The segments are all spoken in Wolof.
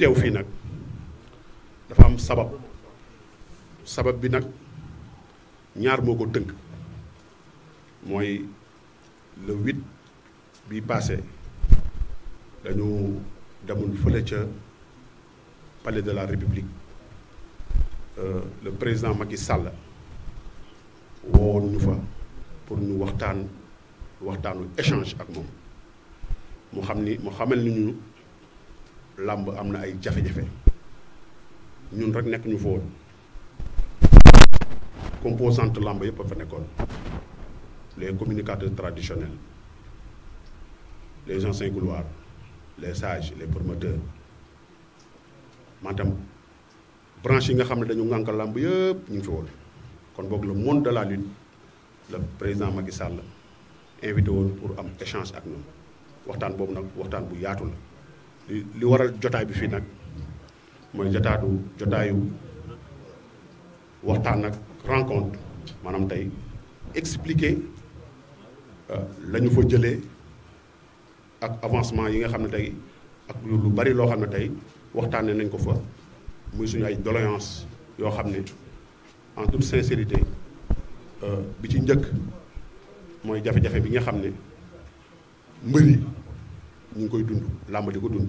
teew fii nag dafa am sabab sabab bi nak ñaar moko deunk moy le 8 bi passé dañu damul fële ci palais de la république euh, le président Macky Sall woowoon fa pour ñu waxtaan waxtaanu échange ak mom mu xamni mu xamal ni ñu lamb am na ay jafe-jafe ñun rek nekk ñu fa woon composante lamb yëpp fa nekkoon les communicateurs traditionnels les anciens couloirs les sages les promoteurs maanaam branche yi nga xam ne dañu ngànk lamb yëpp ñu ngi fi woon kon boog le monde de la lutte le président Macky Sall invité woon pour am échange ak ñoom waxtaan boobu nag waxtaan bu yaatu la li waral jotaay bi fi nag mooy jotaatu jotaayu waxtaan nag rencontre maanaam tey expliquer euh, lañu fa jëlee ak avancement yi nga xam ne tey ak lu bari loo xam ne tey waxtaanee nañ ko fa muy suñu ay doléance yoo xam ne en toute sincérité euh, bi ci njëkk mooy jafe-jafe bi nga xam ne mbër ñu ngi koy dund làmb di ko dund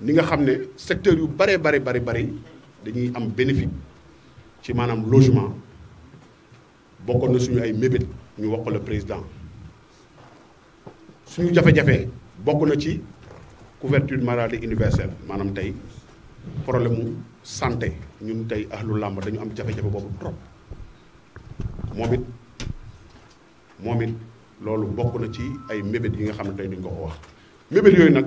ni nga xam secteur yu bare bare bare bare dañuy am bénéfice ci manam logement bokkoon na suñu ay mébét ñu wax ko le président suñu jafé jafé bokku na ci couverture maladie universelle manam tay problème santé ñun tay ahlu lamb dañu am jafé jafé bobu trop momit momit lolu bokku na ci ay mébét yi nga xam tay tey duñ ko wax mébét yoy nak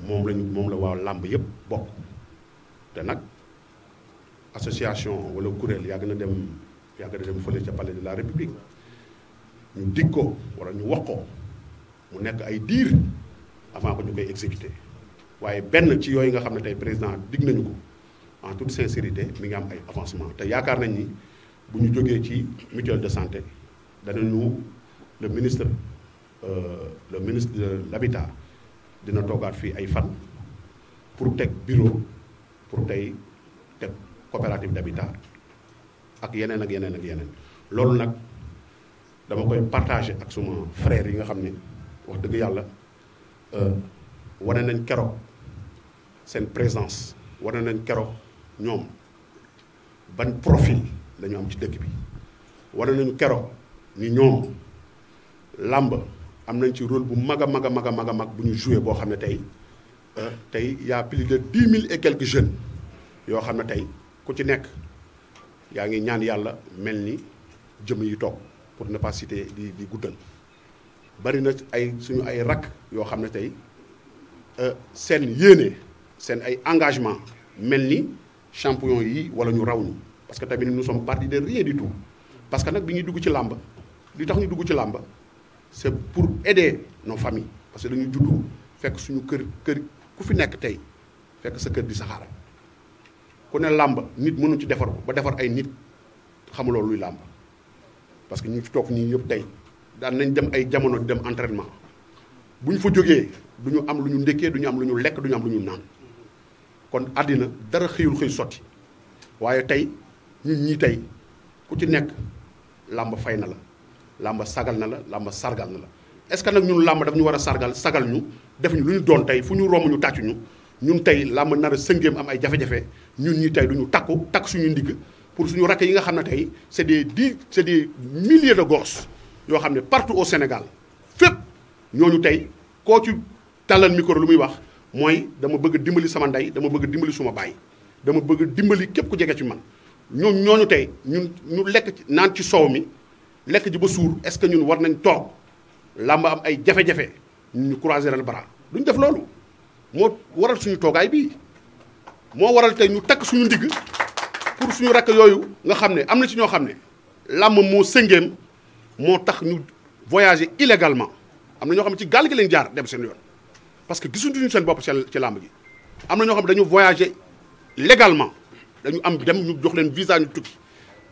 moom lañu moom la waaw association wala na dem na de la république nous dig wala ñu wax avant que ñu exécuter président en toute sincérité mi ngi am ay avancement te yaakaar nañ ni bu ñu de santé nous, le ministre euh, le ministre de l'habitat dina notre fii ay pour des bureau pour tey teg coopérative d'habitat ak yeneen ak yeneen ak yeneen loolu nag dama koy partager ak suma frère yi nga xam wax dëgg yàlla euh, présence wane nañ keroog ban profil lañu am ci dëkk bi am nañ ci rôle bu mag a mag a mag a mag a mag bu ñu joué boo xam ne tey euh, tey y a plus de 10 mille et quelques jeunes yoo xam ne tey ku ci nekk yaa ngi ñaan yàlla mel ni jëm yi toog pour ne pas citer di di guddal bari na ay suñu ay rak yoo xam ne tey euh, seen yéene seen ay engagement mel ni champion yi wala ñu raw ñu parce que tamit nous sommes partis de rien du tout parce que nag bi ñuy dugg ci làmb li tax ñu dugg ci làmb c'est pour aider nos famille parce que dañu juddu fekk suñu kër kër ku fi nekk tey fekk sa kër di saxaar ku ne làmb nit mënu ci defar ba defar ay nit xamuloo luy làmb parce que ñu ci toog nii yëpp tey daan nañ dem ay jamono di dem entraînement bu ñu fa jógee du ñu am lu ñu ndékkee du ñu am lu ñu lekk du ñu am lu ñu naan kon àddina dara xëyul xëy sotti waaye tey ñun ñii tey ku ci nekk làmb fay na la làmba sagal na la làmba sargal na la est-ce que nag ñun làmb daf ñu war a sargal sagal ñu def ñu lu ñu doon tey fu ñu romb ñu tàccu ñu ñun tey làmb nar a sëngéem am ay jafe-jafe ñun ñi tey du ñu takku takk suñu ndigg pour suñu rakk yi nga xam ne tey c'est des di c'est des milliers de gosses yoo xam ne partout au Sénégal fépp ñooñu tey koo ci tàllal micro lu muy wax mooy dama bëgg dimbali sama ndey dama bëgg dimbali suma baay dama bëgg dimbali képp ku jege ci man ñoom ñooñu tey ñun ñu lekk naan ci soow mi lekk ji ba suur est-ce que ñun war nañ toog làmb am ay jafe nous ñu croiser le bras duñ def loolu moo waral suñu toogaay bii moo waral tey ñu takk suñu ndigg pour suñu yooyu nga xam ne ci ñoo xam ne làmb moo tax ñu voyager illégalement am na ñoo ci fait. gi lañ jaar dem seen yoon parce que gisuñu seen bopp ci làmb gi am na ñoo dañu voyager légalement dañu am dem ñu jox leen visa ñu tukki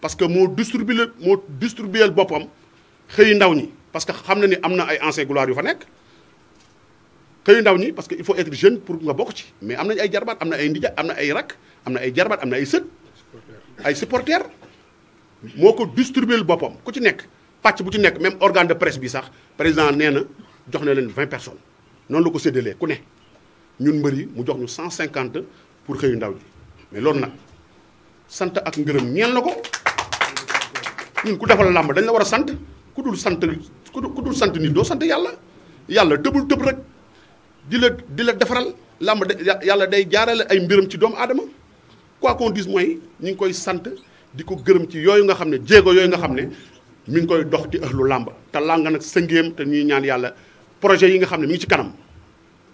parce que moo distribuer le distribué boppam xëyu ndaw ni parce que xamna ni amna na ay anciens gloire yu fa nek xëyu ndaw ni parce que il faut être jeune pour nga bok ci mais amna ay jarbat amna na ay ndija amna na ay rak amna na ay jarbat amna na ay sët ay supporters moko distribuer le bopam ku ci nek patch bu ci nek même organe de presse bi sax président nee jox na len 20 personnes Non la ko séddalee ku ne ñun mbeuri mu jox ñu 150 pour xëyu ndaw ñi mais loolu nag sant ak ngërëm ñeel na ko ñun ku defal làmb dañ la war a sant ku dul sant ku dul sant nit doo sant yàlla yàlla tëbul tëb rek di la di la defaral làmb da yàlla day jaarale ay mbiram ci doomu aadama quoi qu'on dise mooy ñu ngi koy sant di ko gërëm ci yooyu nga xam ne jéego yooyu nga xam ne mu ngi koy dox di ëxlu làmb te lànga nag sëngéem te ñuy ñaan yàlla projet yi nga xam ne mi ngi ci kanam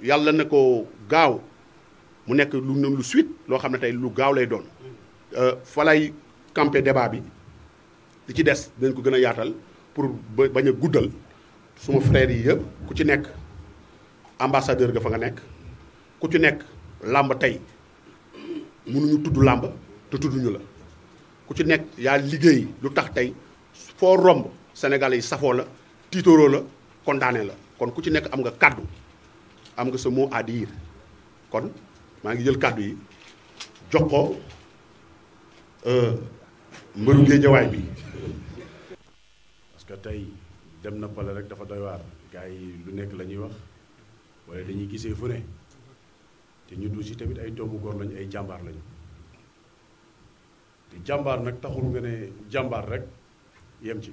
yàlla na ko gaaw mu nekk lu lu suite loo xam ne tey lu gaaw lay doon Euh, fa lay campé débat bi li ci des dañ ko gën a yaatal pour ba bañ a guddal suma frères yi yëpp ku ci nekk ambassadeur ga fa nga nekk ku ci nekk làmb tey mënuñu tudd làmb te tudduñu la ku ci nekk yaa liggéey lu tax tey foo romb Sénégalais yi safoo la tiitooroo la condamné la kon ku ci nekk am nga kàddu am nga sa mot à kon maa ngi jël kàddu yi jox ko Euh, mbëru géejawaay bi parce que tey dem na pale rek dafa doy waar gars yi lu nekk la ñuy wax wala dañuy gisee fu ne te ñu du si tamit ay doomu góor lañu ay jàmbaar lañu te jàmbaar nag taxul nga ne jàmbaar rek yem ci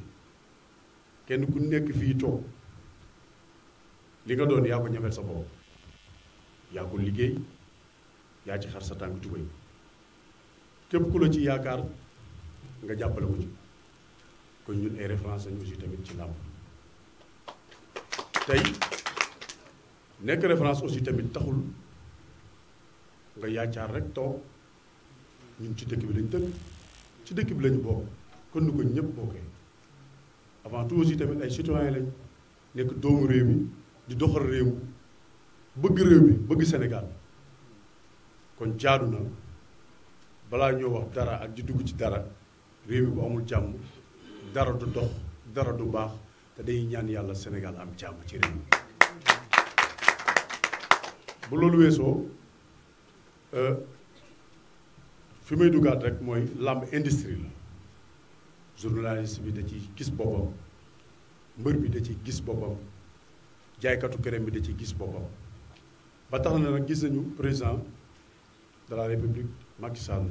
kenn ku nekk fii toog li nga doon yaa ko ñamel sa bopp yaa ko liggéey yaa ci xar sa tànk tubéy képp ku ci yaakaar nga jàppale ko ci kon ñun ay référence lañu aussi tamit ci làmb tey nekk référence aussi tamit taxul nga yaacaar rek toog ñun ci dëkk bi lañ dëkk ci dëkk bi lañu bokk kon ni ko ñëpp bokkee avant tout aussi tamit ay citoyen lañ nekk doomu réew mi di doxal réew bëgg réew mi bëgg Sénégal kon jaadu na balaa ñoo wax dara ak di dugg ci dara réew mi bu amul jàmm dara du dox dara du baax te day ñaan yàlla Sénégal am jàmm ci réew bu loolu weesoo euh, fi may duggaat rek mooy làmb industrie la journaliste bi da ci gis boppam mbër bi da ci gis boppam jaaykatu këram bi da ci gis boppam ba tax na nag gis nañu président de la Macky Sall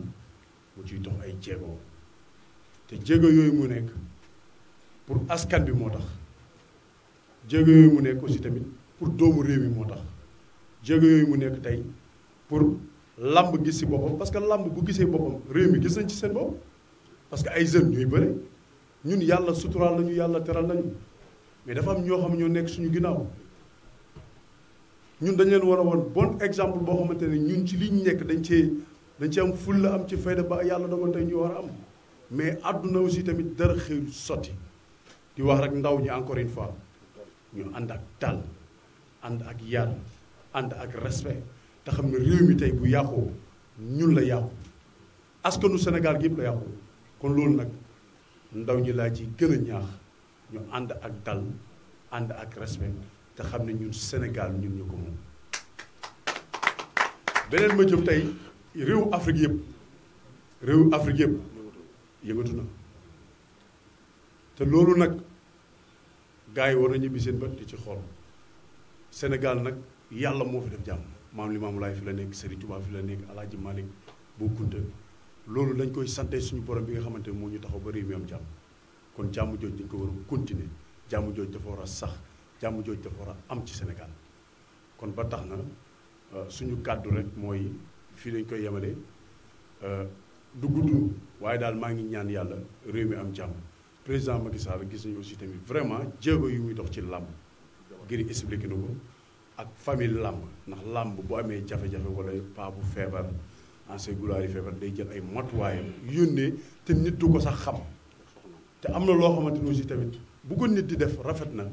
mu ciy dox ay jéego te jéego yooyu mu nekk pour askan bi moo tax jéego yooyu mu nekk aussi tamit pour doomu réew mi moo tax jéego yooyu mu nekk tey pour làmb gis si boppam parce que làmb bu gisee boppam réew mi gis nañ ci seen bopp parce que ay jeunes ñooy bëre ñun yàlla suturaal lañu yàlla teral lañu mais dafa am ñoo xam ñoo nekk suñu ginnaaw ñun dañ leen war a woon bon exemple boo xamante ne ñun ci liñ nekk dañ ci dañ ci am ful la am ci fayda ba yàlla dogal tey ñu war a am mais àdduna aussi tamit dara xëy sotti di wax rek ndaw ñi encore une fois ñu ànd ak dal ànd ak yar ànd ak respect te xam ne réew mi tey bu yàqoo ñun la yàqu askanu Sénégal gi yëpp la yàqu kon loolu nag ndaw ñi laa ci gën a ñaax ñu ànd ak dal ànd ak respect te xam ne ñun Sénégal ñun ñu ko moom beneen ma jëm tey réewu Afrique yëpp réew Afrique yëpp yëngatu na te loolu nag gars yi war na ñibbi seen bët di ci xool senegal nag yàlla moo fi def jàmm maam li Laay fi la nekk Serigne Touba fi la nekk Alaaji Malick Bou Kounta loolu lañ koy santee suñu borom bi nga xamante ne moo ñu taxaw ba réew mi am jàmm kon jàmm jooj dañ ko war a continuer jàmm jooj dafa war a sax jàmm jooj dafa war a am ci senegal kon ba tax na euh, suñu kàddu rek mooy fii dañ koy yemale euh, du gudd waaye daal maa ngi ñaan yàlla réew mi am jàmm président Macky Sall gis nañu aussi tamit vraiment jéego yu muy dox ci làmb ngir expliqué na ko ak famille làmb ndax làmb bu amee jafe-jafe wala paabu feebar ancien gulaar yi feebar day jël ay matuwaayam yónnee te nit ko sax xam te am na loo xamante tamit bu ko nit di def rafet na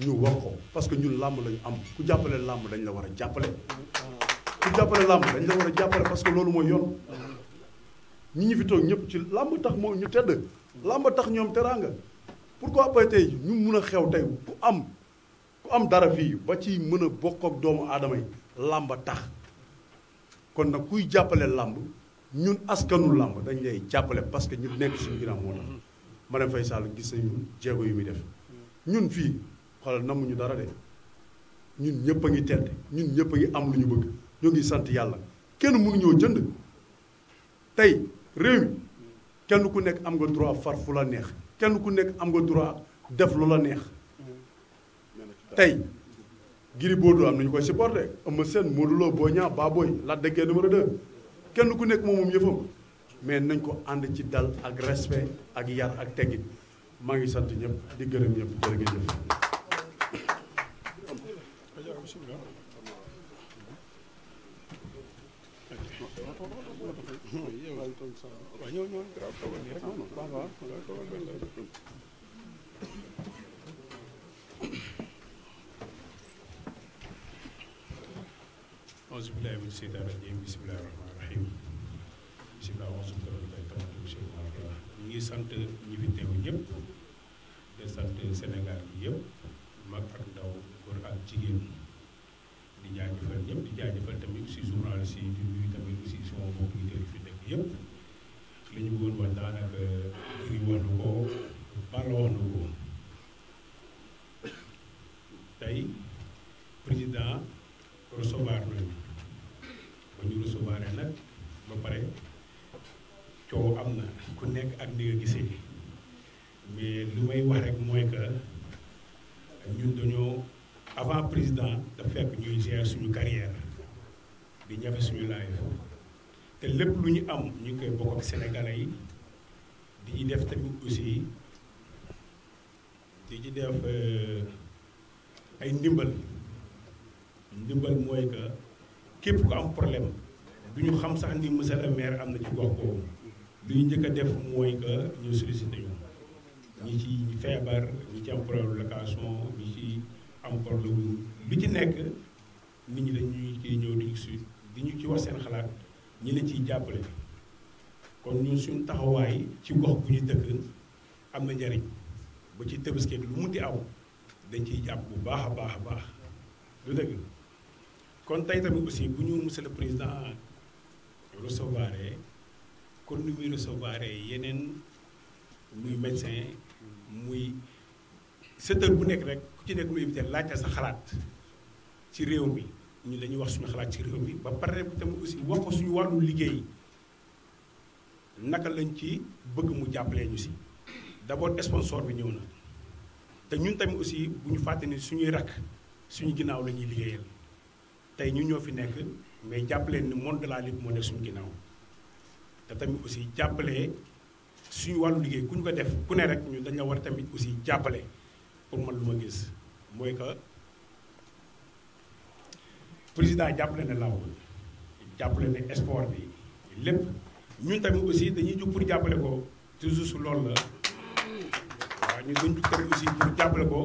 ñu wax ko parce que ñun làmb lañu am ku jàppale làmb dañ la war a jàppale ku jàppale làmb dañ la war a jàppale parce que loolu mooy yoon ñi ñu fi toog ñëpp ci làmb tax moo ñu tedd làmb tax ñoom pour pourquoi pas tey ñu mun a xew tey ku am ku am dara fii ba ci mën a bokk ak doomu aadama yi làmb tax kon nag kuy jàppale làmb ñun askanu làmb dañ lay jàppale parce que ñu nekk suñu ginnaaw moo tax Marième Faye Sall gis nañu jéego yu muy def ñun fii xoolal namuñu dara de ñun ñëpp ngi tedd ñun ñëpp a ngi am lu ñu bëgg ñu ngi sant yàlla kenn mu mënuñoo jënd tey réew mi kenn ku nekk am nga droit farfu la neex kenn ku nekk am nga droit def lu la neex tey Gris Bordeaux am nañu koy supporté Eumeu Sène Modou Lo Boy Niang Baboy Lac de Guiers numéro 2 kenn ku nekk moom moom yëfam mais nañ ko ànd ci dal ak respect ak yar ak teggin maa ngi sant ñëpp di gërëm ñëpp jërë waaw ñëw ñëw garaaw toogal nii rek noonu waaw waaw toogal ngi sant ñi fi teew ñëpp de sant Sénégal bi yëpp mag ak ndaw góor ak jigéen di jaajëfal ñëpp di jaajëfal tamit aussi journaliste yi di nuyu tamit aussi sama mbokk yi fi nekk yëpp li ñu bëggoon wax daanaka kii euh, woon ko bala te lépp lu ñu am ñu ngi koy bokk ak sénégalais yi di ñu def tamit aussi di ci def euh, ay ndimbal ndimbal mooy que képp ku am problème du ñu xam sax ni monsieur le am na ci gox boobu li ñu njëkk a def mooy que ñu sollicité ñu ci feebar ñi ci am problème location ñi ci am problème lu ci nekk nit ñi dañuy kii ñëw di suite di ñu ci wax seen xalaat ñi lañ ciy jàppale kon ñun suñ taxawaay ci gox bu ñuy dëkk am na njariñ ba ci tëbëskeek lu mu di aw dañ ciy jàpp bu baax a baax a baax du dëgg kon tey tamit aussi bu ñu monsieur le président recevoir kon nu muy recevoir yeneen muy médecin muy secteur bu nekk rek ku ci nekk mu invité laajte sa xalaat ci réew mi ñu lañuy wax suñu xalaat ci réew mi ba pare tam aussi wax ko suñu wàllu liggéey naka lañ ci bëgg mu jàppalee ñu si d'abord sponsor bi ñëw na te ñun tamit aussi bu ñu fàtte suñuy rakk suñu ginnaaw la ñuy liggéeyal tey ñun ñoo fi nekk mais jàppaleen ni moom de la lutte moo nekk suñu ginnaaw te tamit aussi jàppale suñu wàllu liggéey ku ñu ko def ku ne rek ñun dañ la war tamit aussi jàppale pour man lu ma gis mooy que président jàppale na làmb jàppale ne sport bi lépp ñun tamit aussi dañuy jug pour jàppale ko toujours loolu la waaw ñu dañ jug tamit aussi pour jàppale ko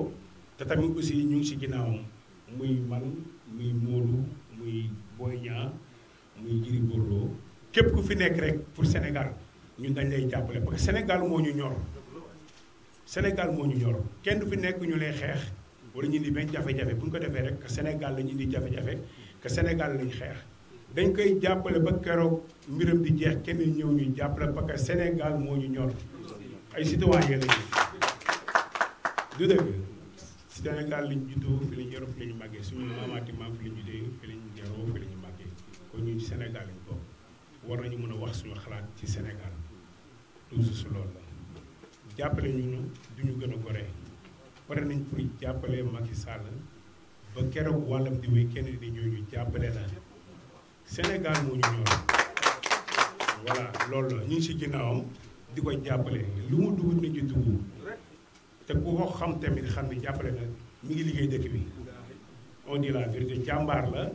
te aussi ñu ngi si ginnaawam muy man muy Modou muy Boy Niang muy Gris Bordeaux képp ku fi nekk rek pour Sénégal ñun dañ lay jàppale parce que Sénégal moo ñu ñor Sénégal moo ñu ñor kenn du fi nekk ñu lay xeex wala ñu indi benn ko que Sénégal la ñu indi que Sénégal lañ xeex dañ koy jàppale ba keroog mbiram di jeex ñu que Sénégal moo ñor ay citoyen Sénégal lañ juddoo fi lañ màggee suñu maamaati maam fi lañ juddee fi lañ fi màggee Sénégal lañ bokk war nañu mën wax suñu xalaat ci Sénégal Tout loolu la ñu duñu pare nañ pour jàppale Macky Sall ba keroog wàllam di wéy kenn di ñëw jàppale la Sénégal moo ñu ñor voilà loolu la ñu ngi si ginnaawam di ko jàppale lu mu dugg nit ñi dugg te ku ko xam tamit xam ne jàppale na mu ngi liggéey dëkk bi on dit la vérité jàmbaar la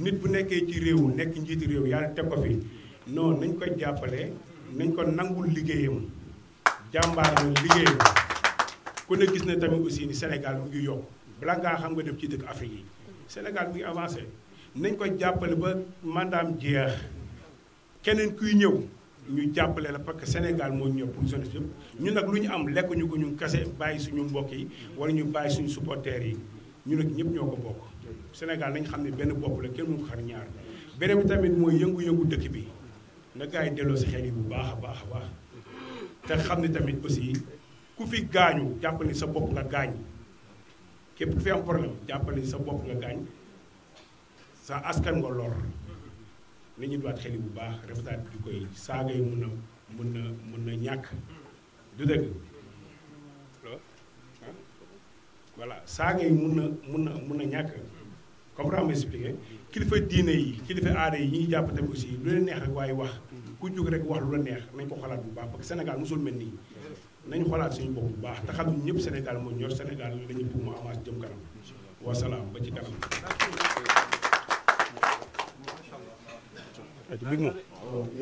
nit bu nekkee ci réew nekk njiitu réew yàlla teg ko fi non nañ ko jàppale nañ ko nangul liggéeyam jàmbaar la liggéeyam. ku ne gis na tamit aussi ni senegal mu ngi yokk balaa ngaa xam nga dem ci dëkk Afrique yi Sénégal bi ngi avancé nañ ko jàppale ba mandaam jeex keneen kuy ñëw ñu jàppale la parce que Sénégal moo ñëw pour jeunesse yëpp ñun nag lu ñu am lekk ñu ko ñu kase bàyyi suñu mbokk yi wala ñu bàyyi suñu supporters yi ñu nag ñëpp ñoo ko bokk Sénégal nañ xam ne benn bopp la kenn mu xar ñaar beneen bi tamit mooy yëngu-yëngu dëkk bi na gars yi delloo si xel yi bu baax a baax a baax te xam ne ku fi gaañu jàppale sa bopp nga gaañ képp ku fi am problème jàppale sa bopp nga gaañ sa askan nga lor nañu doon xel bu baax rafetaat bi koy saaga yi mun na mun na mun na ñàkk du dëgg yi mun na mun na mun na ñàkk comprendre ma expliqué kilifa diine yi kilifa aada yi ñuy jàpp tamit aussi lu leen neex rek waaye wax ku jóg rek wax lu la neex nañ ko xalaat bu baax parce que Sénégal musul mel nii. nañu xoolaat suñu bopp bu baax te xam ne ñëpp Sénégal moo ñor Sénégal la ñu bëgg mu amaat jëm kanam wasalaam ba ci kanam.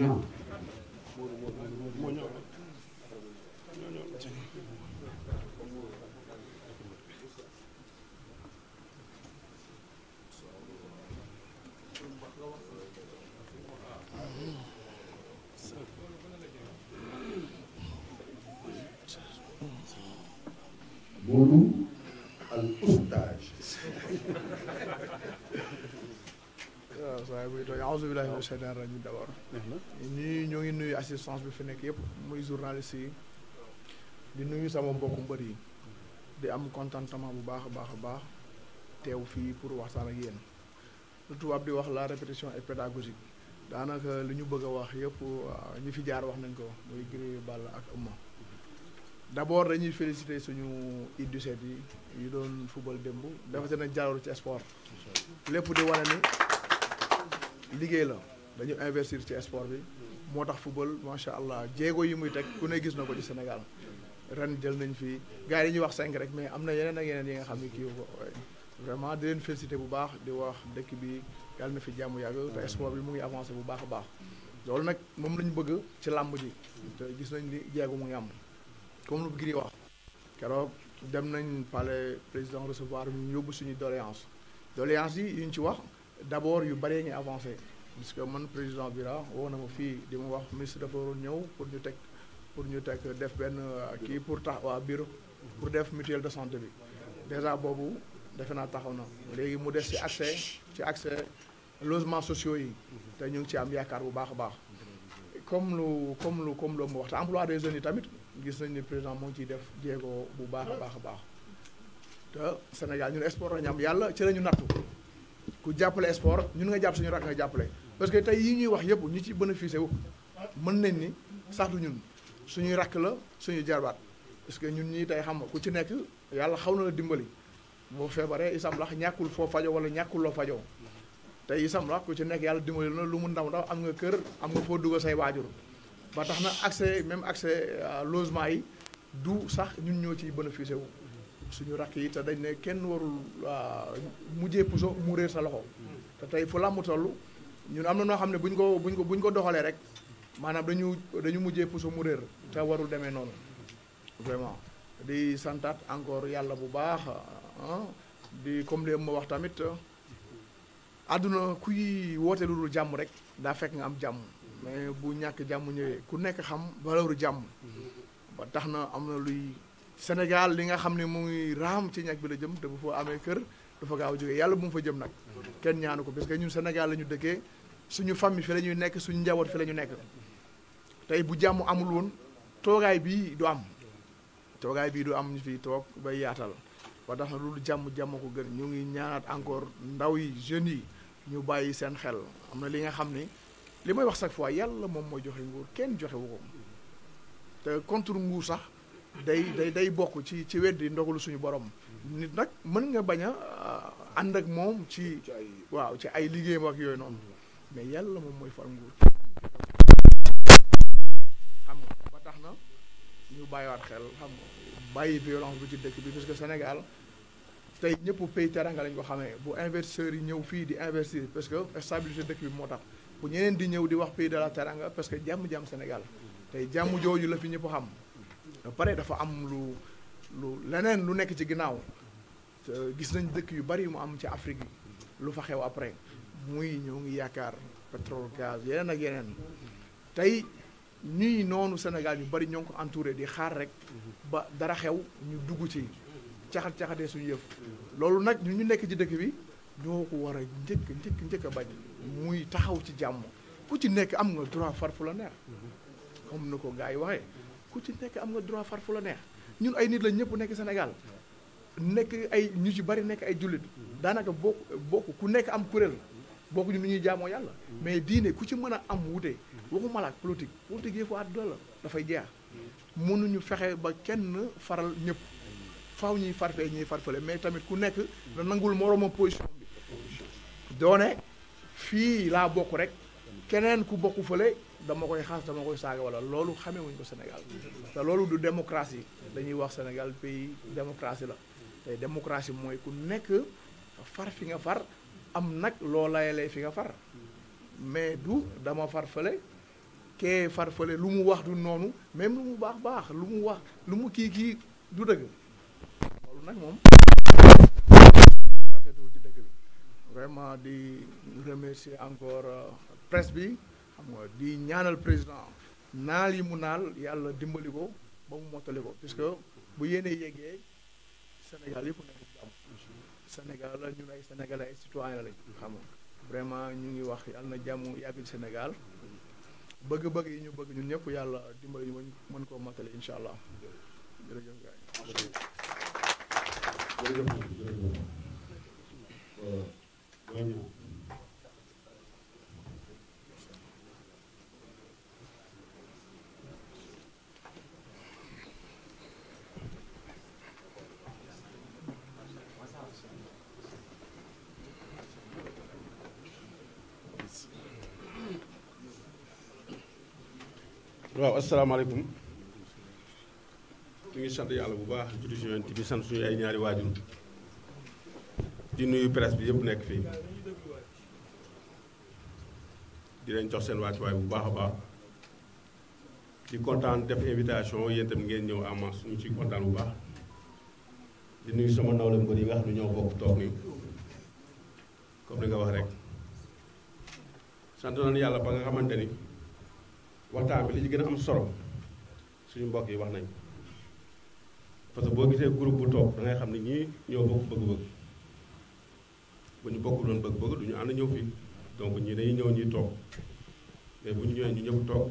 waaw. Modou al oustage ah, waaw saa buy tooy aouzu billahi mina shaytaani rajim d'abord ñuy ñoo ngi nuyu assistance bi fi nekk yëpp muy journaliste yi di nuyu sama mbokk mbër yi di am contentement bu baax a baax a baax teew fii pour waxtaan ak yéen lu tubaab di wax la répétition est pédagogique daanaka li ñu bëgg a wax yëpp ah, ñu fi jaar wax nañ ko muy Gris Balla ak Eumeu d' abord dañuy féliciter suñu U17 yi doon football démb defate nañ jaaroor ci sport lépp di wane ni liggéey la dañu investir ci sport bi moo tax football macha allah jéego yi muy teg ku ne gis na ko ci Sénégal ren jël nañ fi gaa yi ñuy wax cinq rek mais am na yeneen ak yeneen yi nga xam ne kii ko vraiment di leen féliciter bu baax di wax dëkk bi yàlla na fi jàmm yàgg te sport bi mu ngi avancé bu baax a baax loolu nag moom lañu bëgg ci làmb ji te gis nañ ni jéego mu ngi am comme nous Giri wax keroog dem nañ palais président recevoir ñu yóbbu suñu doléance doléance yi yu ñu ci wax d' abord yu bëree ñu avancé parce que man président Bira woo na ma fii di ma wax ministre dafa waroon pour ñu teg pour ñu teg def ben, kii pour tax waa bureau pour def mutuelle de santé bi déjà boobu defe naa taxaw na léegi mu des ci accès ci accès logements sociaux yi te ñu ngi ci am yaakaar bu baax baax comme lu comme lu comme lu mu wax emploi des jeunes yi tamit gis nañ ni président moo ngi ciy def jéego bu baax a baax a baax te Sénégal ñun sport lañu am yàlla ci la ñu nattu ku jàppale sport ñun nga jàpp suñu rakk nga jàppale parce que tey yi ñuy wax yëpp ñu ci bénéficié wu mën nañ ni sax du ñun suñuy rakk la suñu jarbaat parce que ñun ñii tey xam nga ku ci nekk yàlla xaw na la dimbali boo feebaree isam lax ñàkkul foo fajo wala ñàkkul loo fajoo tey isam lax ku ci nekk yàlla dimbali na lu mu ndaw ndaw am nga kër am nga dugal say waajur ba tax na accès même accès logement yi du sax ñun ñoo ci bénéficier wu suñu rakk yi te dañ ne kenn warul ah, mujjé puso mourir sa loxo te tay fu làmb tollu ñun am na noo xam buñ ko buñ ko buñ ko doxalee rek manam dañu dañu mujjé puso mourir réer te warul démé non vraiment di santat encore yalla bu baax ah, di comme le mo wax tamit aduna ah, kuy woté lu jamm rek da fek nga am jamm mais bu ñàkk jàmm ñëwee ku nekk xam valeuru jàmm ba tax na am luy Sénégal li nga xam ne mu ngi raam ci ñàkk bi la jëm te fo fa amee kër dafa gaaw a jógee bu mu fa jëm nag kenn ñaanu ko parce que ñun Sénégal la ñu dëkkee suñu famille fi la nekk suñu njaboot fi la nekk tey bu jàmm amul woon toogaay bii du am toogaay bii du am ñu fi toog bay yaatal ba tax na loolu jàmm jàmm ko gën ñu ngi ñaanaat encore ndaw yi jeunes yi ñu bàyyi seen xel am li nga xam li may wax chaque fois yàlla moom mooy joxe nguur kenn joxe wu te contre nguur sax day day day bokk ci ci weddi ndogalu suñu borom nit nag mën nga bañ a ànd ak moom ci ay waaw ci ay liggéeyam ak yooyu noonu mais yàlla moom mooy far nguur xam nga ba tax na ñu bàyyiwaat xel xam nga bàyyi violence bu ci dëkk bi parce que Sénégal tey ñëpp pays teranga lañ ko xamee bu investisseurs yi ñëw fii di investir parce que stabilité dëkk bi moo tax bu ñeneen di ñëw di wax pays de la teranga parce que jàmm jamu Sénégal tey lebihnya jooju la fi ñëpp xam pare dafa am lu lu leneen lu nekk ci ginnaaw gis nañ dëkk yu bari mu am ci Afrique lu fa xew après muy ñoo ngi yaakaar pétrole gaz yeneen ak yeneen tey ñuy noonu Sénégal yu bari ñoo anture ko entouré di xaar rek ba dara xew ñu dugg ci caxat caxatee suñu yëf loolu nag ñu ñu nekk ci dëkk bi ñoo ko war a njëkk njëkk njëkk a muy taxaw ci jàmm ku ci nekk am nga droit far fu la neex am na ko gars yi waxee ku ci nekk am nga droit far fu la neex ñun ay nit la ñëpp nekk Sénégal nekk ay ñu ci bari nekk ay jullit daanaka bokk bokk ku nekk am kuréel bokk ñu nu ñuy jàmmoo yàlla mais diine ku ci mën a am wute waxuma la ak politique politique yëfu àdduna la dafay jeex mënuñu fexe ba kenn faral ñëpp faw ñuy farfee ñuy farfale mais tamit ku nekk na nangul moroomam position bi fii laa bokk rek keneen ku bokk fële dama koy xas dama koy saaga wala loolu xame wuñ ko Sénégal te loolu du démocratie dañuy wax Sénégal pays démocratie la te démocratie mooy ku nekk far fi nga far am nag loo layalee fi nga far mais du dama far fële kee far fële lu mu wax du noonu même lu mu baax baax lu mu wax lu mu kii kii du dëgg loolu nag moom vraiment di remercier encore euh, presse bi xam nga di ñaanal président naal yi mu naal yàlla dimbali ko ba mu mottali ko que bu yéenee yeggee Sénégal yëpp nekk jàmm Sénégal ñu ay Sénégalais ay citoyen lañ xam nga vraiment ñu ngi wax yàlla na jàmm yàgg Sénégal bëgg-bëgg yi ñu bëgg ñu ñëpp yàlla dimbali ñu mën koo mottali incha allah waaw asalaamaaleykum ñu ngi sant yàlla bu baax juddu si yonent sant suñu ay ñaari waajur di nuyu presse bi yëpp nekk fii di leen jox seen wàccuwaay bu baax a baax di kontaan def invitation yéen tam ngeen ñëw en masse ñu ci kontaan bu baax di nuyu sama nawle mbër yi nga xam ne ñoo bokk toog nii comme li nga wax rek sant nañu yàlla ba nga xamante ni waxtaan bi li ci gën a am solo suñu mbokk yi wax nañ parce que boo gisee groupe bu toog da ngay xam ne ñii ñoo bokk bëgg-bëgg. bu ñu bokkuloon bëgg-bëgg du ñu ànd ñëw fii donc ñi dañuy ñëw ñuy toog mais bu ñu ñëwee ñu ñëpp toog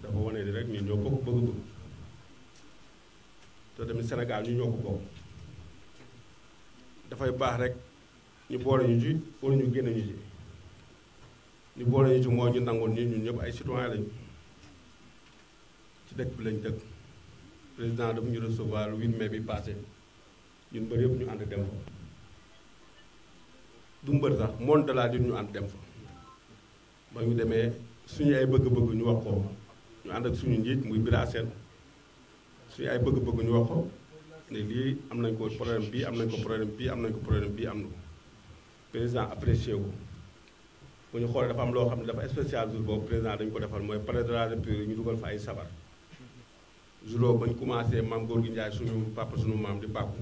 dafa wane ni rek ñu ñoo bokk bëgg-bëgg te tamit Sénégal ñu ñoo ko bokk dafay baax rek ñu boole ñu ci wala ñu génne ñu ci ñu boole ñu ci mooy ñu nangul nii ñun ñëpp ay citoyen lañu ci dëkk bi lañ dëkk président dafa ñu recevoir le 8 mai bi passé ñun bëri yëpp ñu ànd dem ko du mbër sax monde la di ñu ànd dem fa ba ñu demee suñu ay bëgg-bëgg ñu wax ko ñu ànd ak suñu njiit muy Bira Sène suñu ay bëgg-bëgg ñu wax ne lii am nañ ko problème bii am nañ ko problème bii am nañ ko problème bii am na ko président apprécié ko bu ñu xoolee dafa am loo xam ne dafa spécial jour boobu président dañu ko defal mooy palais de la ñu dugal fa ay sabar jour bañ commencé maam Gorgui Ndiaye suñu papa suñu maam di bàkku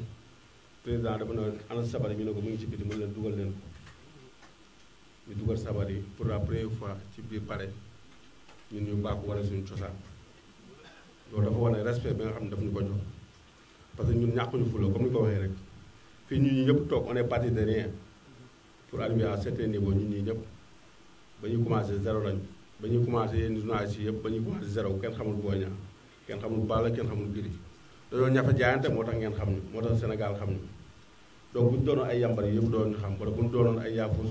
président dafa ne ana sabar ñu ne ko mu ngi leen dugal leen ñu dugal sabari pour la première fois ci biir pare ñun ñu baaxu wala suñu cosaan loolu dafa wane respect bi nga xam ne daf ñu ko jox parce que ñun ñàkkuñu fulo comme ni ko waxee rek fii ñun ñi ñëpp toog on est parti de rien pour arriver à certain niveau ñun ñi ñëpp ba ñuy commencé zéro lañu ba ñuy commencé yenn journaliste yëpp ba ñuy commencé zéro kenn xamul boo ñaa kenn xamul bala kenn xamul biri giri dañoo ñafa jaayante moo tax ngeen xam ñu moo tax Sénégal xam ñu donc bu doonoon ay yambar yëpp doon ñu xam wala bu ñu doonoon ay yaafus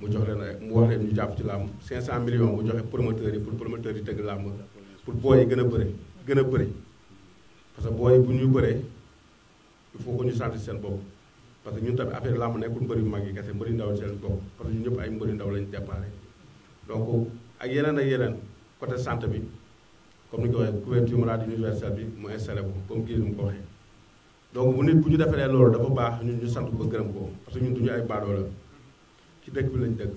mu jox leen rek mu wax ñu jàpp ci làmb 500 millions mu joxe promoteurs yi pour promoteurs yi tëgg làmb pour booy yi gën a bëre gën a bëri parce que booy bu ñu bëree il faut que ñu sant seen bopp parce que ñun tamit affaire làmb nekkul mbëri mag yi kese mbëri ndaw seen bopp parce que ñun ñëpp ay mbëri ndaw lañu déparé donc ak yeneen ak yeneen côté santé bi comme ni ko waxee couverture maladie universelle bi mu installé ko comme kii mu ko waxee donc bu nit bu ñu defaree loolu dafa baax ñu ñu sant ko gërëm ko parce que ñun duñu ay baadoolo ci dëkk bi lañ dëkk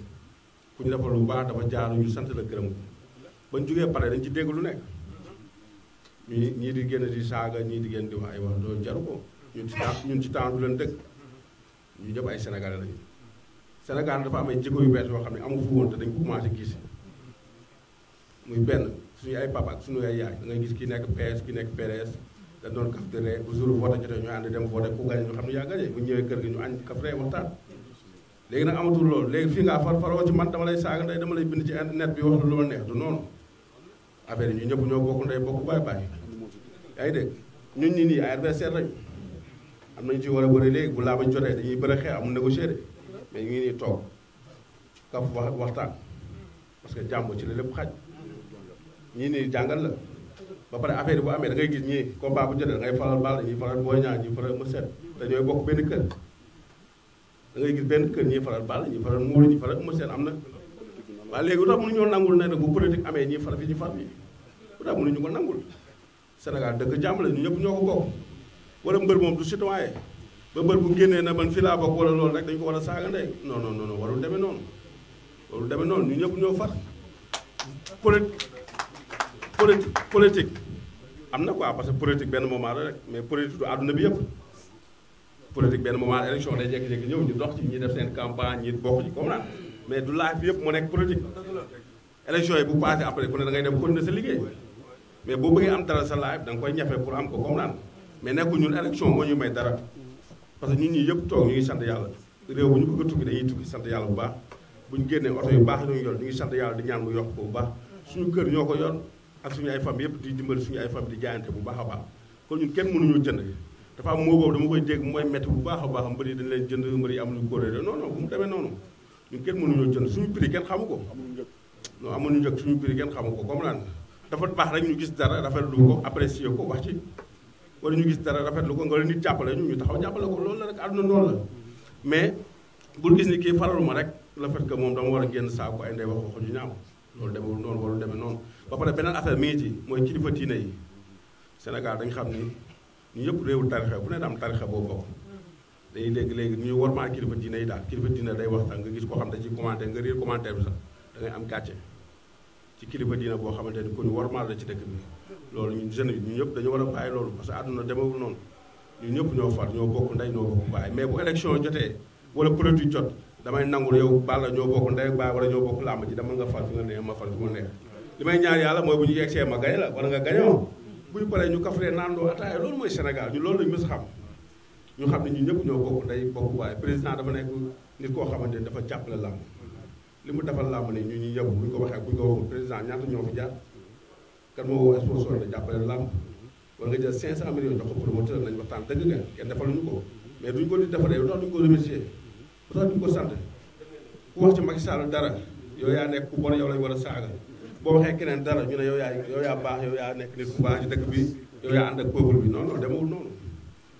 ku ñu defal lu baax dafa jaaru ñu sant la gërëm ko bañ jógee pare dañ ci dégg lu nekk ñii ñii di génn si saaga ñii di génn di wax ay wax loolu jaru ko ñun ci temps ñun ci temps du leen dëkk ñu ñëpp ay sénégalais lañu Sénégal dafa am ay jikko yu bees yoo xam ne amu fu dañ commencé gis muy benn suñu ay papa ak suñu ay yaay da ngay gis ki nekk PS ki nekk PDS dañ doon bu jour vote jotee ñu ànd dem vote ku gagné ñu xam ne yaa gagné bu ñëwee kër gi ñu añ kaf ree waxtaan léegi nag amatul loolu léegi fii ngaa far faroo ci man dama lay saaga ndey dama lay bind ci internet bi wax la lu ma neex du noonu affaire yi ñu ñëpp ñoo bokk ndey bokk baay baay yaa ngi dégg ñun nii ay adversaire lañu am nañu ci war a bu laa bañ jotee dañuy bëri xeex amul négocier de mais ñu ngi nii toog kaf parce que jàmm ci la lépp xaj ñii nii jàngal la ba pare affaire yi bu amee bu jotee da ngay faral baal dañuy faral booy ñaar ñuy faral mu set te ñooy bokk benn kër da ngay gis benn kër ñuy faral Balla ñuy faral Modou ñuy faral Eumeu Sène am na waaw léegi lu tax mënuñoo nangul ne nag bu politique amee ñuy faral fi ñu faral yi lu tax mënuñu ko nangul Sénégal dëkk jàmm la ñu ñëpp ñoo ko bokk wala mbër moom du citoyen ba mbër bu génnee na man fii laa bokk wala loolu rek dañu ko war a saaga ndey non non non warul demee noonu warul demee noonu ñu ñëpp ñoo far politique politique am na quoi parce que politique benn moment la rek mais politique du àdduna bi yëpp politique benn moment élection day jékki-jékki ñëw ñu dox ci ñi def seen campagne ñi bokk ci comme naan mais du laaj bi yëpp mu nekk politique élection yi bu passé après ku ne da ngay dem continuer sa liggéey mais boo bëggee am dara sa laaj da nga koy ñafe pour am ko comme naan mais nekku ñun élection moo ñu may dara parce que ñun yëpp toog ñu ngi sant yàlla réew bu ñu bëgg a tukki dañuy tukki sant yàlla bu baax bu ñu génnee oto yu baax yi ñu yor ñu ngi sant yëpp di dimbali suñu ay famille di jaayante bu baax a baax kon ñun kenn dafa am moo boobu dama koy dégg mooy métti bu baax a baax mbër dañ leen jënd mbër yi amuñu kóolóore non non bu mu demee noonu ñun kenn mënuñoo jënd suñu prix kenn xamu ko non amuñu njëkk suñu prix kenn xamu ko comprendre dafa baax rek ñu gis dara rafetlu ko apprécier ko wax ci wala ñu gis dara rafetlu ko nga nit di jàppale ñu ñu taxaw jàppale ko loolu la rek àdduna noonu la mais bul gis ni kii ma rek la fait que moom dama war a génn saako ay ndey wax waxu ñu ñaaw loolu demewul noonu warul demee noonu ba pare beneen affaire mi ngi ci mooy kilifa diine yi Sénégal dañ xam ni ñu yëpp réewu tarixa léegi ñuy warmaa kilifa koo xam da ci commenté nga riir commentaire bi sax boo xamante ni ku ñu warmaal la ci dëkk ñu ñëpp dañu war a bàyyi loolu parce que àdduna demewul noonu ñu ñëpp ñoo far ñoo bokk ndey ñoo bokk baay mais bu élection jotee wala politique jot damay nangu yow Balla ñoo bokk ndey baay wala ñoo bokk làmb ji dama nga far fi nga neex ma far fi ma neex li may ñaan yàlla mooy bu ñu yegsee ma gañ la wala nga gañoo bu ñu ñu kafree naandoo ataaya loolu mooy Sénégal ñu loolu lañu mës xam ñu xam ne ñu ñëpp ñoo bokk nday bokk waaye président dafa nekk nit koo xamante ni dafa jàppale làmb li mu defal làmb ne ñu ñu yëpp bu ñu ko waxee bu ñu ko waxul président ñaata ñoo fi jaar kan moo woo sponsor da jàppale làmb war nga jël 500 millions jox ko promoteur nañu waxtaan dëgg nga kenn defaluñu ko mais duñ ko di defaree lu tax duñ ko remercier lu tax duñ ko sant ku wax ci Macky Sall dara yow yaa nekk ku bon yow lañ war a saaga boo waxee keneen dara ñu ne yow yaa yow yaa baax yow yaa nekk nit ku baax ci dëkk dem yow yaa ànd ak peuple bi non noonu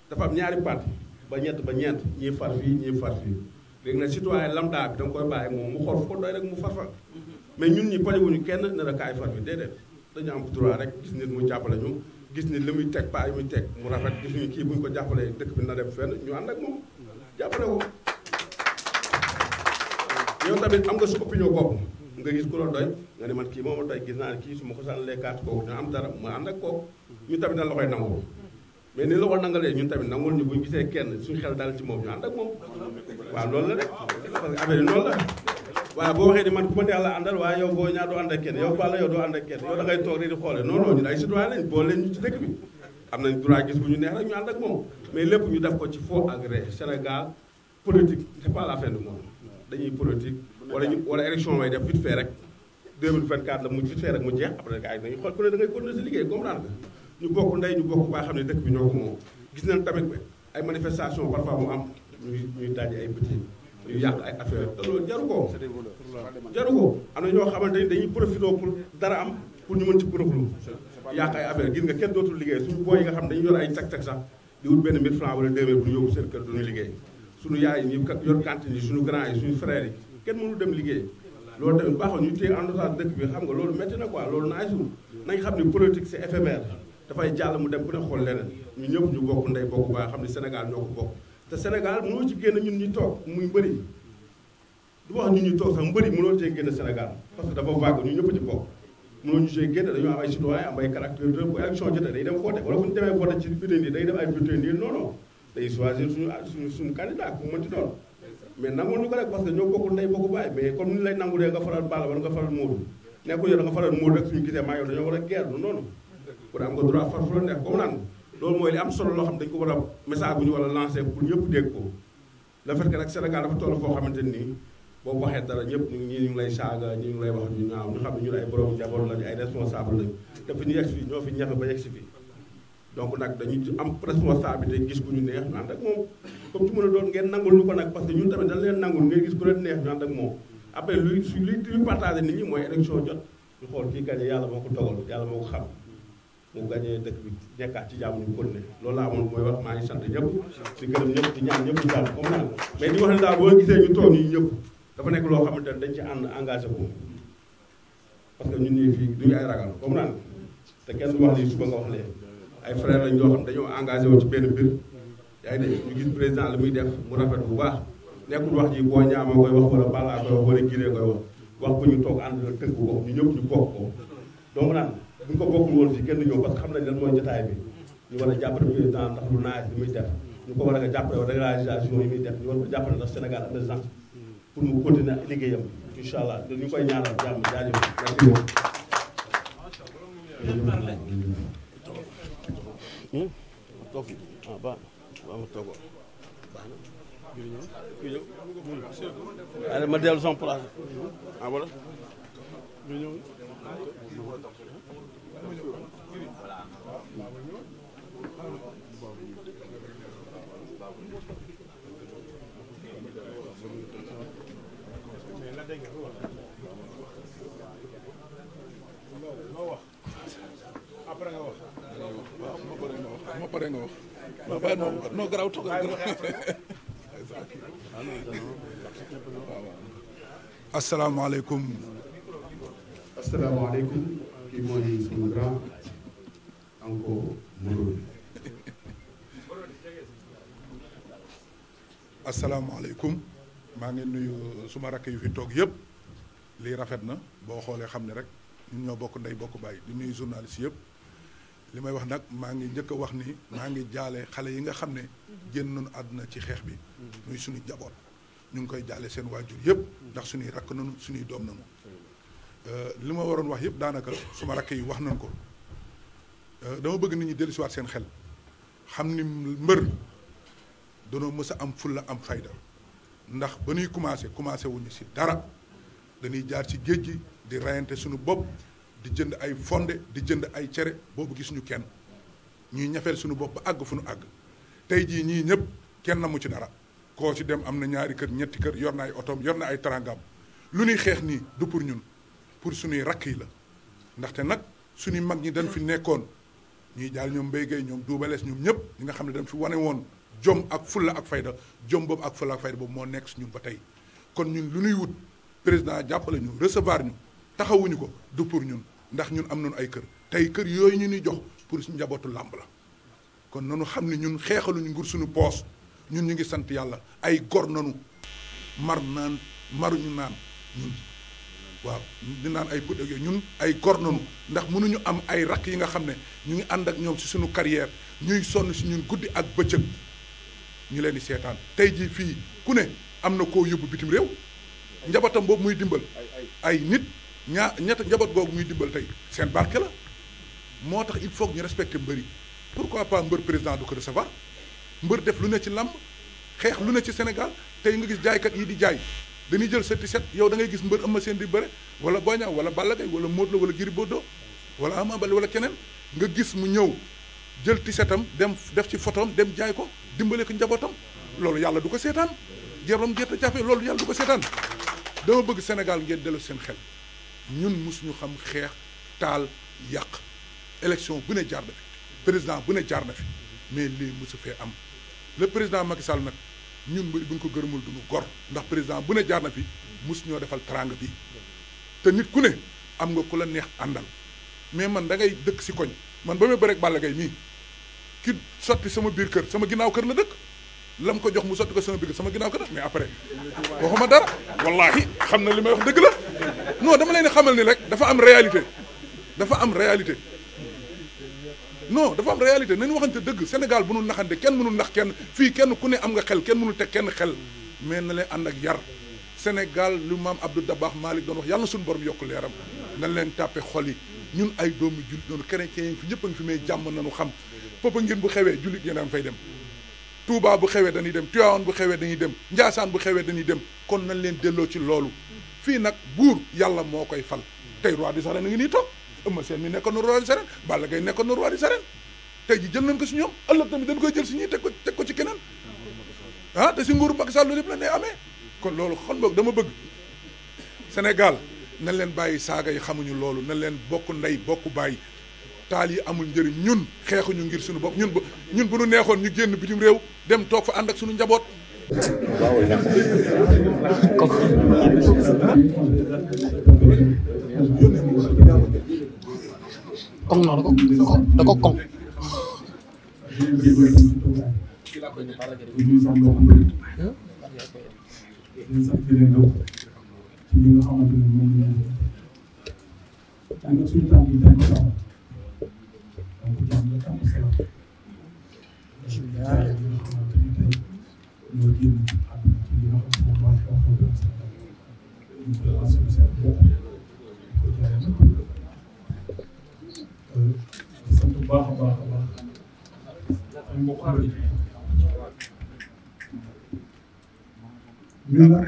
dafa am ñaari parti ba ñett ba ñeent ñii far fii ñii far fii léegi nag citoyen lambda bi da koy bàyyi moom mu xor ko doy rek mu far fa mais ñun ñi pariwuñu kenn ne la kaay far bi déedéet dañu am droit rek gis nit mu jàppale ñu gis ni li muy teg paa yi muy teg mu rafet gis ñu kii bu ko jàppalee dëkk bi na dem fenn ñu ànd ak moom jàppale ko yow tamit am nga su opinion bopp nga gis ku la doy nga ne man kii moo ma doy gis naa kii su ma ko saan lekkaat kooku dina am dara ma ànd ak kooku ñu tamit dañ la nangul mais ni la nangul ñu bu ñu gisee kenn suñu xel daal ci moom ñu ànd ak moom la de parce la waaw boo waxee ni man ku ma neex la ñu ci dëkk bi am nañ moom mais lépp ñu def ko ci faux agré Sénégal politique c'est pas la fin du dañuy politique wala ñu wala élection may def vite fait rek 2024 la mu vite fait rek mu jeex après gars yi dañuy xool ku ne da ngay continuer si liggéey comprendre nga ñu bokk ndey ñu bokk baa xam ne dëkk bi ñoo ko moom gis nañ tamit ay manifestation parfois mu am ñuy ñuy daje ay bëccëg yu yàq ay affaire te loolu jaru ko jaru ko am na ñoo xamante ni dañuy profité pour dara am pour ñu mën ci profité yàq ay affaire gis nga kenn dootul liggéey suñu booy yi nga xam dañu yor ay cag-cag sax di wut benn 1000 francs wala 2000 pour yóbbu seen kër duñu liggéey suñu yaay yi ñu yor cantine yi suñu grand yi suñu frère yi kenn mënul dem liggéey loolu tamit baaxoon ñu téye en otage dëkk bi xam nga loolu métti na quoi loolu naay suul nañ xam ne politique c'est éphémère dafay jàll mu dem ku ne xool leneen ñu ñëpp ñu bokk ndey bokk baa xam ne Sénégal ñoo ko bokk te Sénégal mënoo ci génn ñun ñu toog muy mbëri du wax ñun ñu toog sax mbëri mënoo cee génn Sénégal parce que dafa vague ñu ñëpp ci bokk mënoo ñu cee génn dañoo am ay citoyen am ay caractère de bu action jotee day dem voté wala bu ñu demee voté ci bulletin yi day dem ay bulletin yi non non day choisir suñu suñu candidat ku mënti doon mais nangul ñu ko rek parce que ñoo bokkul ndey bokku baay mais comme ni lay nangu dee nga faral Balla wala nga faral Modou nekkul yow da faral Modou rek suñu gisee maa yow dañoo war a guerre du noonu pour am nga droit far fu la neex comme naan loolu mooy li am solo loo xam dañu ko war dafa toll foo xamante nii boo waxee dara ñëpp ñu ñii ñu ngi lay saaga ñii ñu ngi lay wax ñu ñaaw ñu xam ne ay borom jabar lañu ay responsable lañu te donc nak dañuy am responsabilité gis ku ñu neex ñu ak mom comme ci mëna doon ngeen nangul lu ko nak parce que ñun tamit dañ leen nangul ngeen gis ku leen neex ñu ak mom après luy su luy luy partager nit ñi moy élection jot ñu xol ki gagné yalla moko togal yalla moko xam mu gagné dëkk bi nekkaat ci jàmm ñu ko ne loolu laa amoon mooy wax ma ngi sant ñëpp ci gërëm ñëpp di ñaan ñëpp di jàmm comme nak mais di wax ne da bo gisé ñu toog nii ñëpp dafa nek lo xamantene dañ ci and engagé ko parce que ñun ñi fi duñu ay ragal comme nak te kenn du wax lii suba nga wax lee ay frère lañ yoo xam ne dañoo engagé wu ci benn mbir yaa ngi dégg ñu gis président li muy def mu rafet bu baax nekkul wax ji boo ñaamaa koy wax wala ballaa koy wax wala giree koy wax wax ñu toog ànd la tënk ko ñu ñëpp ñu bokk ko donc naan bu ñu ko bokkul woon fii kenn du ñëw parce que xam nañ lan mooy jotaay bi ñu war a jàppale président ndax lu naaj li muy def ñu ko war a jàppale wala réalisation yi muy def ñu war ko jàppale ndax Sénégal am pour mu Hmm? toog fi ah baax na waaw ma toogoo baax na jërëjëf ma dellu sama place ah voilà pare nga maa ngi nuyu suma rakk yu fi toog yëpp lii rafet na boo xoolee xam ne rek ñun ñoo bokk ndey bokk bàyyi di nuyu journaliste yëpp. li may wax nag maa ngi njëkk a wax ni maa ngi jaale xale yi nga xam ne génnoon àdduna ci xeex bi muy suñu jaboot ñu ngi koy jaale seen waajur yëpp ndax suñuy rakk nanu suñuy doom nanu li ma waroon wax yëpp daanaka suma rakk yi wax nañ ko dama bëgg nit ñi dellusiwaat seen xel xam ni mbër danoo mës a am fulla am fayda ndax ba ñuy commencé commencé wuñu si dara dañuy jaar ci géej gi di rayante suñu bopp di jënd ay fonde di jënd ay cere boobu gis ñu kenn ñuy ñafeel suñu bopp ba àgg fu nu àgg tey jii ñii ñëpp kenn na mu ci dara koo ci dem am na ñaari kër ñetti kër yor na ay otoom yor na ay tarangam lu ñuy xeex nii du pour ñun pour suñuy rakk yi la ndaxte nag suñuy mag ñi dañ fi nekkoon ñuy jaal ñoom Mbaye Guèye ñoom Double Less ñoom ñëpp ñi nga xam ne dañ fi wane woon jom ak fulla ak fayda jom boobu ak fulla ak fayda boobu moo nekk suñu ba tey kon ñun lu ñuy wut président jàppale ñu recevoir ñu taxawuñu ko du pour ñun ndax ñun am nañu ay kër tay kër yoy ñu ni jox pour njabootu lamb la kon nañu xam ne ñun ñu ngur suñu pos ñun ñu ngi sant yalla ay gor nañu mar naan ñu naan ñun waaw di naan ay pëd ak ñun ay gor nañu ndax ñu am ay rak yi nga xam ne ñu ngi and ak ñom ci suñu carrière ñuy sonn ci ñun guddi ak bëccëg ñu leen di seetaan tay ji fi ku ne am ko yobbu bitim rew njabatam boobu muy dimbal ay nit ñaa ñett njaboot googu ñuy dimbal tey seen barke la moo tax il faut que ñu respecter mbër yi pourquoi pas mbër président du ko recevoir mbër def lu ne ci làmb xeex lu ne ci Sénégal tey nga gis jaaykat yi di jaay dañuy jël set yow da ngay gis mbër Eumeu Sène di bëre wala Boy Niang wala Balla Gaye wala Modou Lô wala Gris Bordeaux wala Ama Baldé wala keneen nga gis mu ñëw jël tisetam dem def ci photom dem jaay ko dimbale ko njabootam loolu yàlla du ko seetaan jërom gerte jafe loolu yàlla du ko seetaan dama bëgg Sénégal ngeen dellu seen xel ñun musuñu xam xeex taal yàq élection bu ne jaar na fi président bu ne jaar na fi mais lii musu fee am le président Macky Sall nag ñun buñ ko gërëmul duñu gor ndax président bu ne jaar na fi musu ñoo defal teraanga bi te nit ku ne am nga ku la neex àndal mais man da ngay dëkk si koñ man ba muy bëreeg Balla Gaye mii kii sotti sama biir kër sama ginnaaw kër la dëkk lam ko jox mu sotti ko sama biir sama ginnaaw ko def mais après waxuma dara wallahi xam na li may wax dëgg la non dama leen xamal ni rek dafa am réalité dafa am réalité non dafa am réalité nañu waxante dëgg Sénégal bu nu naxante kenn mënul nax kenn fii kenn ku ne am nga xel kenn mënul teg kenn xel mais na leen ànd ak yar Sénégal lu maam Abdou Dabakh Malick doon wax yàlla na suñu borom yokk leeram nañ leen tàppe xol yi ñun ay doomu jullit noonu chrétien yi fi ñëpp a ngi fi may jàmm nañu xam popa ngeen bu xewee jullit ñee am fay dem Touba bu xewee dañuy dem Tivaouane bu xewee dañuy dem Njaasaan bu xewee dañuy dem kon nañ leen delloo ci loolu fii nag buur yàlla moo koy fal tey roi des arènes ngi nii toog Eumeu Sène mi nekkoon na roi des arènes Balla Gaye nekkoon na roi des arènes tey ji jël nañ ko si ñoom ëllëg tamit dañ koy jël si ñii teg ko teg ko ci keneen ah te si nguuru Macky Sall loolu la ne amee kon loolu xam boog dama bëgg Sénégal nañ leen bàyyi saaga yi xamuñu loolu nañ leen bokk ndey bokk bàyyi taal yi amul njëriñ ñun xeexuñu ngir suñu bopp ñun bu ñun bu ñu neexoon ñu génn bitim réew dem toog fa ànd ak suñu njaboot. donc ñoom ñoo am solo parce que ñaare ñi nga xamante ni tey ñoo génn àdduna ci li nga xam ne moom moo xew ñu koy lancer seen bopp di ko jaaree nag di sant bu baax a baax a baax ay mbokk bëri ñu nag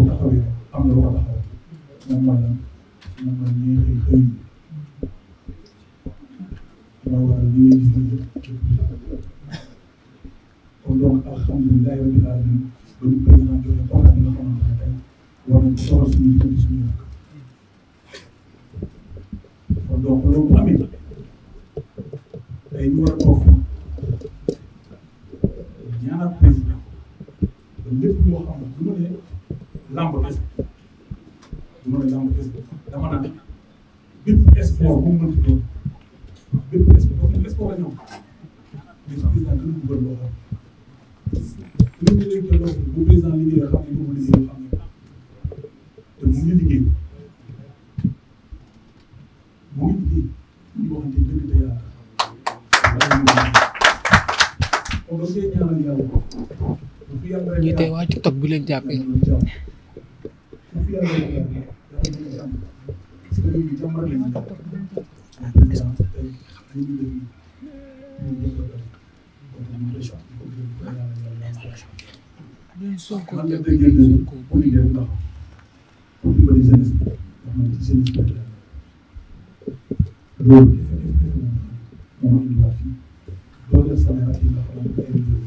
bu taxawee am na lu ko taxawee moom mooy lan moom mooy ñi xëy xëy yi dama waral li ngay gis nii kon donc alhamdulilah rabbil alamin ba ñu président joxe waxaat bi nga xamante ne tey war nañ soxla suñu jëm suñu yàq kon donc loolu amee day ñu war a toog alguma metodologia moom la fi dooleel salawaat yi nga xam ne ay ñi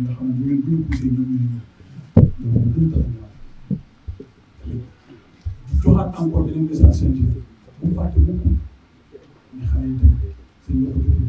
nga xam ne bu ngeen bu ñu poussé ñoom ñooy ñëw loolu di joxaat encore beneen message seen bu mu fàtte mukk ñu xale yi tey seen